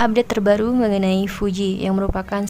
update terbaru mengenai Fuji yang merupakan